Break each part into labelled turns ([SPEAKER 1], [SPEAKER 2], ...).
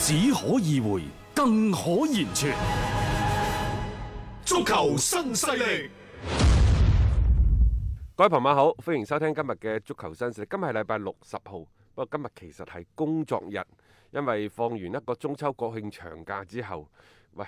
[SPEAKER 1] 只可意會，更可言傳。足球新勢力，各
[SPEAKER 2] 位朋友好，歡迎收聽今日嘅足球新勢力。今日係禮拜六十號，不過今日其實係工作日，因為放完一個中秋國慶長假之後，喂。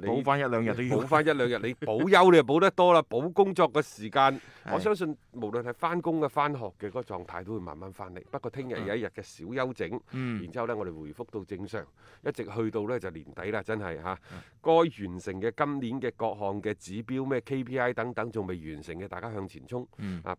[SPEAKER 2] 補翻一兩日都要補翻 一兩日，你補休你又補得多啦，補工作嘅時間， 的我相信無論係翻工嘅、翻學嘅嗰個狀態都會慢慢翻嚟。不過聽日有一日嘅小休整，嗯、然之後咧我哋回復到正常，一直去到呢就年底啦，真係吓，該、啊嗯、完成嘅今年嘅各項嘅指標咩 KPI 等等仲未完成嘅，大家向前衝，嗯、啊。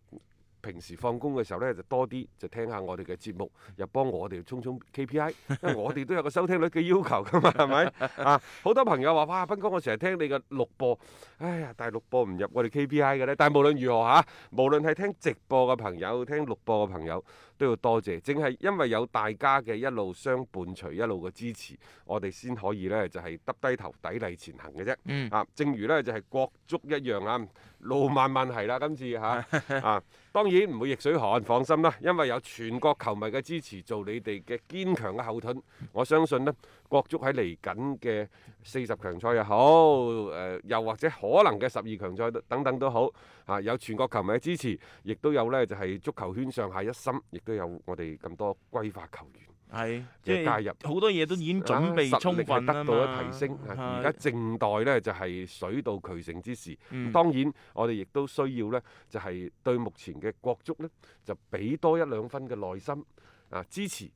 [SPEAKER 2] 平時放工嘅時候呢，就多啲就聽下我哋嘅節目，又幫我哋衝衝 KPI，因為我哋都有個收聽率嘅要求噶嘛，係咪 啊？好多朋友話：哇，斌哥，我成日聽你嘅錄播，哎呀，但係錄播唔入我哋 KPI 嘅呢。」但係無論如何嚇、啊，無論係聽直播嘅朋友，聽錄播嘅朋友，都要多謝。正係因為有大家嘅一路相伴隨，一路嘅支持，我哋先可以呢，就係、是、耷低頭砥礪前行嘅啫。啊，嗯、正如呢，就係、是、國足一樣啊。路漫漫係啦，今次嚇啊， 啊，當然唔會逆水寒，放心啦，因為有全國球迷嘅支持，做你哋嘅堅強嘅後盾。我相信呢，國足喺嚟緊嘅四十強賽又好，誒、呃、又或者可能嘅十二強賽等等都好，嚇、啊、有全國球迷嘅支持，亦都有呢，就係、是、足球圈上下一心，亦都有我哋咁多歸化球員。
[SPEAKER 1] 係，
[SPEAKER 2] 即係介入好
[SPEAKER 1] 多嘢都已經準備充分、啊、得到咗提升，而家
[SPEAKER 2] 正待咧就係、是、水到渠成之時。嗯、當然，我哋亦都需要咧，就係、是、對目前嘅國足咧，就俾多一兩分嘅耐心啊，支持。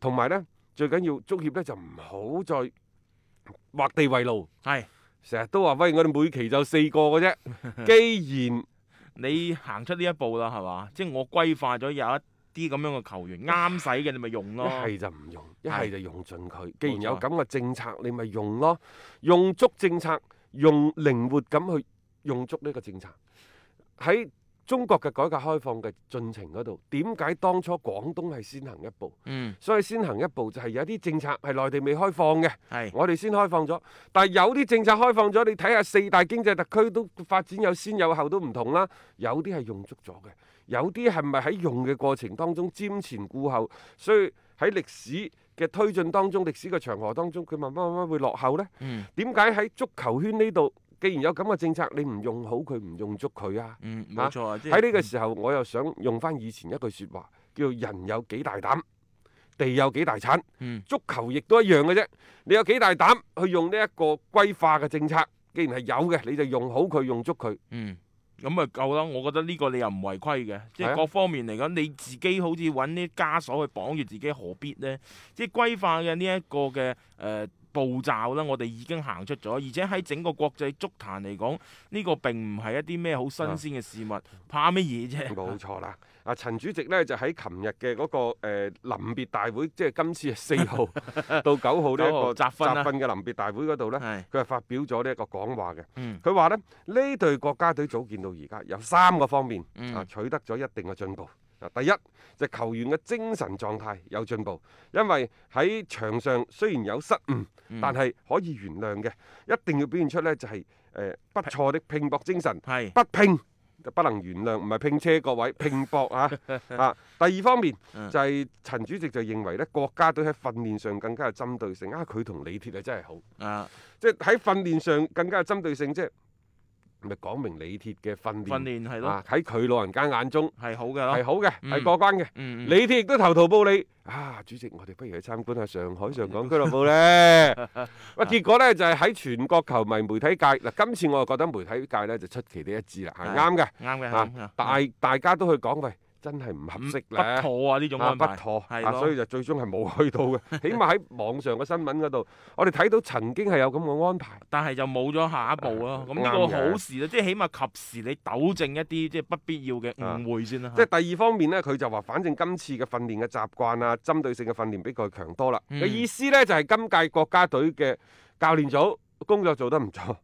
[SPEAKER 2] 同埋咧，最緊要足協咧就唔好再畫地為牢。係是，成日都話喂，我哋每
[SPEAKER 1] 期就四個嘅啫。 既然你行出呢一步啦，係嘛？即係我歸化咗有一。啲咁樣嘅球員啱使嘅，你咪用咯。一係就唔用，一係的就用盡佢。既然有咁
[SPEAKER 2] 嘅政策，錯你咪用咯，用足政策，用靈活咁去用足呢個政策。喺中國嘅改革開放嘅進程嗰度，點解當初廣東係先行一步？嗯，所以先行一步就係有啲政策係內地未開放嘅，的我哋先開放咗。但係有啲政策開放咗，你睇下四大經濟特區都發展有先有後都唔同啦。有啲係用足咗嘅。有啲係咪喺用嘅過程當中瞻前顧後，所以喺歷史嘅推進當中、歷史嘅長河當中，佢慢慢慢慢會落後呢？點解喺足球圈呢度，既然有咁嘅政策，你唔用好佢，唔用足佢啊？
[SPEAKER 1] 嗯，冇錯啊、嗯、喺呢
[SPEAKER 2] 個時候，我又想用返以前一句説話，叫人有幾大膽，地有幾大產。嗯、足球亦都一樣嘅啫。你有幾大膽去用呢一個歸化嘅政策？既然係有嘅，你
[SPEAKER 1] 就用好佢，用足佢。嗯。咁咪夠啦！我覺得呢個你又唔違規嘅，即係、啊、各方面嚟講，你自己好似揾啲枷鎖去綁住自己，何必呢？即係規範嘅呢一個嘅誒、呃、步驟啦，我哋已經行出咗，而且喺整個國際足壇嚟講，呢、呢個並唔係一啲咩好新鮮嘅事物，啊、怕乜嘢啫？冇錯啦。
[SPEAKER 2] 啊，陳主席咧就喺琴日嘅嗰個誒臨、呃、別大會，即係今次四號 到九號呢一個 集、啊、集訓嘅臨別大會嗰度呢，佢係是發表咗呢一個講話嘅。佢話、嗯、呢，呢隊國家隊組建到而家有三個方面、嗯、啊，取得咗一定嘅進步。啊，第一就係、是、球員嘅精神狀態有進步，因為喺場上雖然有失誤，但係可以原諒嘅，一定要表現出呢就係、是、誒、呃、不錯的拼搏精神，神，不拼。是就不能原諒，唔係拼車各位，拼搏嚇嚇、啊 啊。第二方面就係、是、陳主席就認為咧，國家隊喺訓練上更加有針對性。啊，佢同李鐵啊真係好啊，即係喺訓練上更加有針對性，即係。咪講明李鐵嘅訓練，訓練係咯，喺佢老人家眼中係好嘅，係好嘅，係過關嘅。李鐵亦都投桃報李啊！主席，我哋不如去參觀下上海上港俱樂部咧。喂，結果咧就係喺全國球迷媒體界嗱，今次我啊覺得媒體界咧就出奇的一致啦，啱嘅，啱嘅，大大家都去講喂。真係唔合適咧，不妥啊！呢種安排，啊、不妥，的啊、所以就最終係冇去到嘅。 起碼喺網
[SPEAKER 1] 上嘅新聞嗰度，我哋睇到曾經係有咁嘅安排，但係就冇咗下一步咯。咁呢、啊、個好事啦，即係、啊、起碼及時你糾正一啲即係不必要嘅誤會先啦、啊。即係第二方
[SPEAKER 2] 面呢，佢就話：反正今次嘅訓練嘅習慣啊，針對性嘅訓練比佢強多啦。嘅、嗯、意思呢，就係、是、今屆國家隊嘅教練組。工作做得唔錯。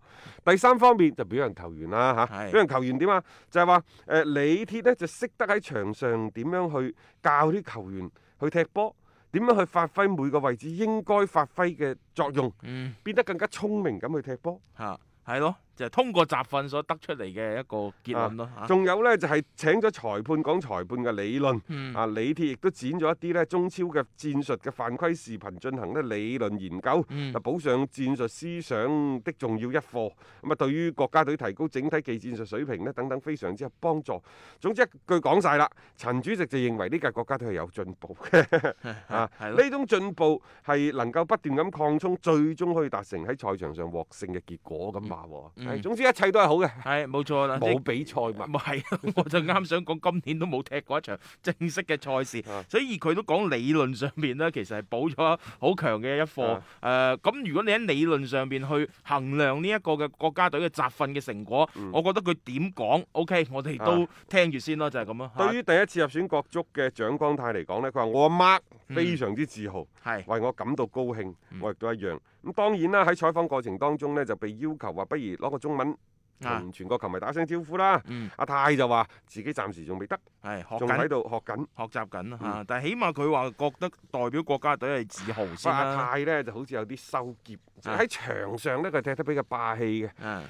[SPEAKER 2] 第三方面就表揚球員啦吓的表揚球員點啊？就係話誒李鐵咧就識得喺場上點樣去教啲球員去踢波，點樣去發揮每個位置應該發揮嘅作用，嗯，變得更加聰明咁去踢波
[SPEAKER 1] 吓，係咯。就係通過集訓所得出嚟嘅一個結論咯。仲、啊、有
[SPEAKER 2] 呢，就係、是、請咗裁判講裁判嘅理論。嗯、啊，李鐵亦都剪咗一啲呢中超嘅戰術嘅犯規視頻進行呢理論研究。嗯。就補上戰術思想的重要一課。咁啊，對於國家隊提高整體技戰術水平呢等等非常之有幫助。總之一句講晒啦，陳主席就認為呢屆國家隊係有進步嘅。嗯、呵呵啊，呢種進步係能夠不斷咁擴充，最終可以達成喺賽場上獲勝嘅結果咁話、嗯嗯。嗯、總之
[SPEAKER 1] 一切都係好嘅，係冇錯啦、啊。冇即比賽嘛，唔係，我就啱想講，今年都冇踢過一場正式嘅賽事， 所以佢都講理論上面咧，其實係補咗好強嘅一課。誒、 呃，咁如果你喺理論上面去衡量呢一個嘅國家隊嘅集訓嘅成果，嗯、我覺得佢點講？O K，我哋都聽住先咯，嗯、就係咁咯。對
[SPEAKER 2] 於第一次入選國足嘅蔣光太嚟講咧，佢話：我阿媽非常之自豪，係、嗯、是為我感到高興，我亦都一樣。咁當然啦，喺採訪過程當中呢，就被要求話，不如攞個中文同全國球迷打聲招呼啦。阿泰就話自己暫時仲未得，仲喺度學緊學習緊啦。但係起碼佢話覺得代表國家隊係自豪先啦。阿泰呢就好似有啲羞澀，喺場上呢佢踢得比較霸氣嘅。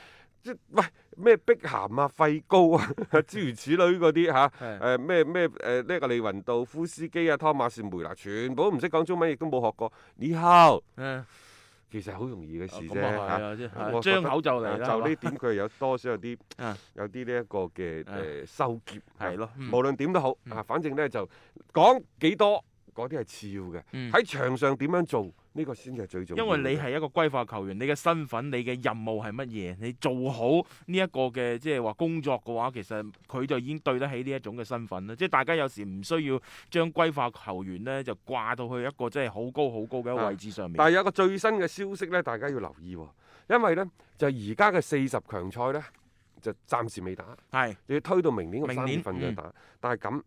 [SPEAKER 2] 即係喂咩碧咸啊、費高啊，諸如此類嗰啲嚇，誒咩咩誒呢個利雲道夫斯基啊、湯馬士梅拿，全部都唔識講中文，亦都冇學過。以後其實好容易嘅事啫嚇，張口就嚟。就呢點佢有多少有啲有啲呢一個嘅誒收結係咯，無論點都好啊，
[SPEAKER 1] 反正咧就講幾多，嗰啲係次要嘅，喺場上點
[SPEAKER 2] 樣做？呢個先係最重
[SPEAKER 1] 要。因為你係一個歸化球員，你嘅身份、你嘅任務係乜嘢？你做好呢一個嘅即係話工作嘅話，其實佢就已經對得起呢一種嘅身份啦。即係大家有時唔需要將歸化球員呢就掛到去一個即係好高好高嘅位置上面。啊、但係
[SPEAKER 2] 有一個最新嘅消息呢，大家要留意喎、哦，因為呢就而家嘅四十強賽呢，就暫時未打，係要是推到明年嘅三月份再打。年嗯、但係咁。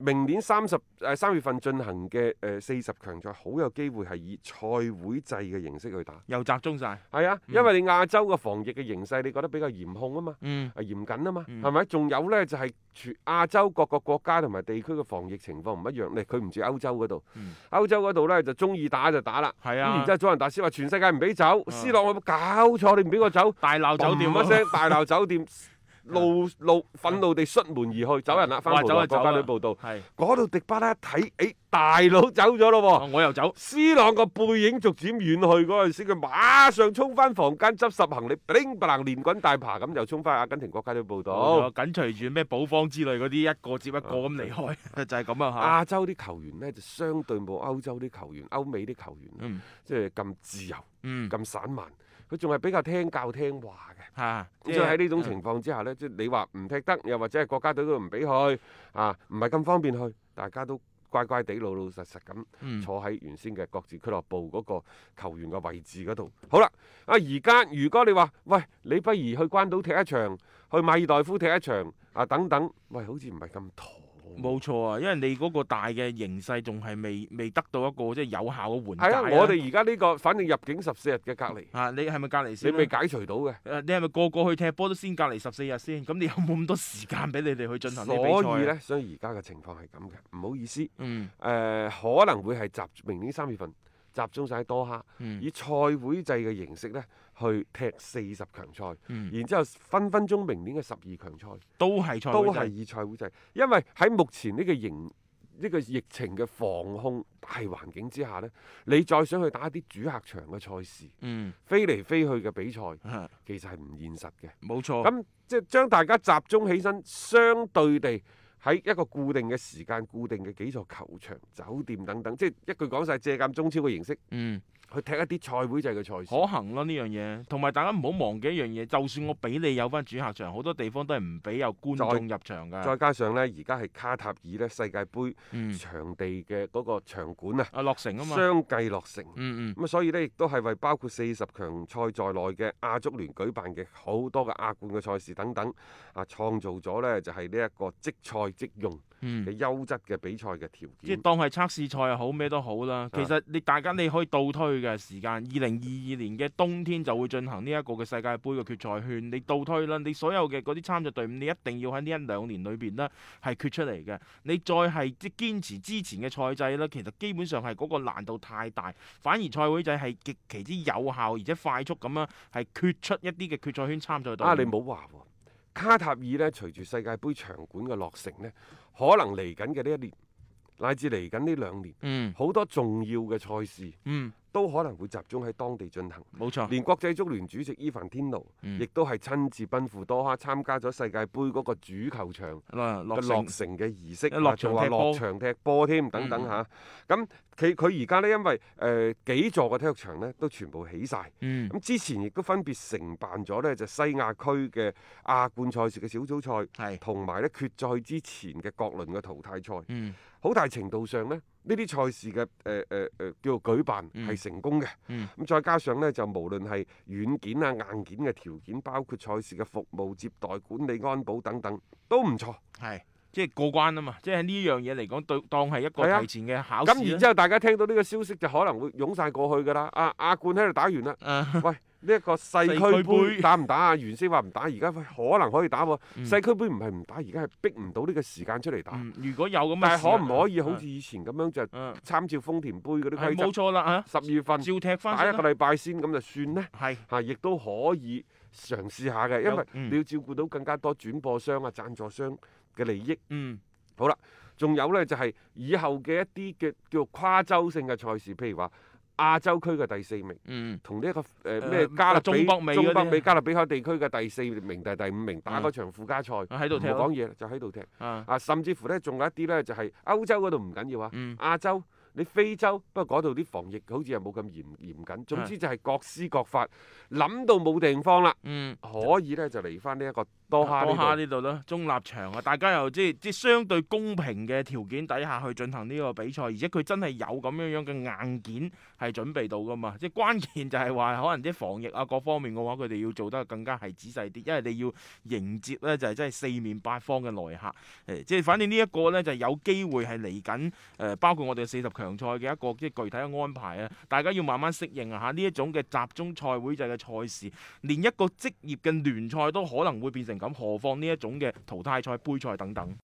[SPEAKER 2] 明年三十誒三月份進行嘅誒四十強賽，好有機會係以賽會制嘅形式去打，
[SPEAKER 1] 又集中晒，係啊，嗯、
[SPEAKER 2] 因為你亞洲嘅防疫嘅形勢，你覺得比較嚴控啊嘛，係、嗯啊、嚴謹啊嘛，係咪、嗯？仲有呢，就係、是、全亞洲各個國家同埋地區嘅防疫情況唔一樣，你佢唔似歐洲嗰度，嗯、歐洲嗰度呢，就中意打就打啦。係、嗯、啊，嗯、然之後祖雲達斯話全世界唔俾走，斯洛我搞錯，你唔俾我走， 大鬧酒店一聲，大鬧酒店。 怒怒憤怒地摔門而去，走人啦！翻去報道，翻去國家隊報道。係嗰度迪巴拉一睇，誒大佬走咗咯喎！我又走。C 朗個背影逐漸遠去嗰陣時，佢馬上衝翻房間執拾行李，叮噥連滾帶爬咁
[SPEAKER 1] 就衝翻阿根廷國家隊報道。哦，緊隨住咩保方之類嗰啲，一個接一個咁離開。就係咁啊！亞
[SPEAKER 2] 洲啲球員咧就相對冇歐洲啲球員、歐美啲球員，即係咁自由、咁散漫。佢仲係比較聽教聽話嘅，即係喺呢種情況之下呢，即係、啊、你話唔踢得，又或者係國家隊都唔俾去，啊，唔係咁方便去，大家都乖乖地老老實實咁坐喺原先嘅各自俱樂部嗰個球員嘅位置嗰度。嗯、好啦，啊，而家如果你話，喂，你不如去關島踢一場，去馬爾代夫踢一場，啊，等等，喂，好似唔係咁妥。冇錯啊，
[SPEAKER 1] 因為你嗰個大嘅形勢仲係未未得到一個即係有效嘅緩解。我哋而家呢個反正入境十四日嘅隔離啊，你係咪隔離先？你未解除到嘅。誒、啊，你係咪個個去踢波都先隔離十四日先？咁你有冇咁多時間俾你哋去進行呢個比賽？所以咧，
[SPEAKER 2] 所以而家嘅情況係咁嘅。唔好意思。嗯、呃。可能會係集明年三月份集中曬多哈，嗯、以賽會制嘅形式咧。去踢四十強賽，嗯、然之後分分鐘明年嘅十二強賽都係都係以賽會制。因為喺目前呢個型呢，這個疫情嘅防控大環境之下呢，你再想去打一啲主客場嘅賽事，嗯、飛嚟飛去嘅比賽，啊、其實係唔現實嘅。冇錯錯，咁、嗯、即係將大家集中起身，相對地喺一個固定嘅時間、固定嘅幾座球場、酒店等等，即係一句講晒，借鑑中超嘅形式。嗯。
[SPEAKER 1] 去踢一啲賽會制嘅賽事，可行咯呢樣嘢。同埋大家唔好忘記一樣嘢，就算我俾你有返主客場，好、嗯、多地方都係唔俾有觀眾入場噶。再加
[SPEAKER 2] 上呢，而家係卡塔爾呢世界盃場地嘅嗰個場館啊，落成吖嘛，相繼落成。嗯嗯。咁、嗯、所以呢，亦都係為包括四十強賽在內嘅亞足聯舉辦嘅好多嘅亞冠嘅賽事等等啊，創造咗呢就係呢一個即賽即用。嗯，你優質嘅比賽嘅條件，即係
[SPEAKER 1] 當係測試賽又好咩都好啦。其實你大家你可以倒推嘅時間，二零二二年嘅冬天就會進行呢一個嘅世界盃嘅決賽圈。你倒推啦，你所有嘅嗰啲參賽隊伍，你一定要喺呢一兩年裏邊呢係決出嚟嘅。你再係即係堅持之前嘅賽制咧，其實基本上係嗰個難度太大，反而賽會制係極其之有效而且快速咁樣係決出一啲嘅決賽圈參賽隊啊，你唔好話喎。卡塔爾咧，隨住世界盃
[SPEAKER 2] 場館嘅落
[SPEAKER 1] 成咧，可能嚟緊嘅
[SPEAKER 2] 呢一年，乃至嚟緊呢兩年，嗯、好多重要嘅賽事，嗯都可能會集中喺當地進行，冇錯。連國際足聯主席伊凡天奴，亦都係親自奔赴多哈參加咗世界盃嗰個主球場嘅落成嘅儀式，仲話落場踢波添等等嚇。咁佢佢而家呢，因為誒幾座嘅體育場呢都全部起晒，咁之前亦都分別承辦咗呢就西亞區嘅亞冠賽事嘅小組賽，同埋呢決賽之前嘅各輪嘅淘汰賽，好大程度上呢。呢啲賽事嘅誒誒誒叫做舉辦係成功嘅，咁、嗯嗯、再加上呢，就無論係軟件啊硬件嘅條件，包括賽事嘅服務接待、管理、安保等等
[SPEAKER 1] 都唔錯，係即係過關啊嘛！即係呢樣嘢嚟講，對當係一個提前嘅考試。咁、啊、然之後大
[SPEAKER 2] 家聽到呢個消息就可能會湧晒過去㗎啦、啊！亞冠喺度打完啦，呃、喂。 呢一個世俱杯打唔打啊？原先話唔打，而家可能可以打喎。世俱杯唔係唔打，而家係逼唔到呢個時間出嚟打。
[SPEAKER 1] 如果有咁嘅，但係可唔可以好似
[SPEAKER 2] 以前咁樣就參照豐田杯嗰啲規則？冇
[SPEAKER 1] 錯啦嚇。十二月份，照
[SPEAKER 2] 踢返打一個禮拜先咁就算呢，係亦都可以嘗試下嘅，因為你要照顧到更加多轉播商啊、贊助商嘅利益。嗯，好啦，仲有呢，就係以後嘅一啲嘅叫做跨洲性嘅賽事，譬如話。亞洲區嘅第四名，同呢一個咩、呃、加勒比、中，中北美、加勒比海地區嘅第四名定第，第五名打嗰場附加賽，喺度聽我講嘢，嗯、就喺度踢。啊，甚至乎咧，仲有一啲呢，就係、是、歐洲嗰度唔緊要啊。嗯、亞洲，你非洲不過嗰度啲防疫好似係冇咁嚴嚴謹。總之就係各施各法，諗到冇地方啦，嗯、可以呢，就嚟翻
[SPEAKER 1] 呢一個。到下呢度啦，中立場啊，大家又即係即係相對公平嘅條件底下去進行呢個比賽，而且佢真係有咁樣樣嘅硬件係準備到噶嘛？即係關鍵就係話可能啲防疫啊各方面嘅話，佢哋要做得更加係仔細啲，因為你要迎接咧就係真係四面八方嘅來客，誒即係反正呢一個咧就有機會係嚟緊誒包括我哋四十強賽嘅一個即係具體嘅安排啊，大家要慢慢適應啊吓呢一種嘅集中賽會制嘅賽事，連一個職業嘅聯賽都可能會變成。咁何況呢一種嘅淘汰賽、杯賽等等。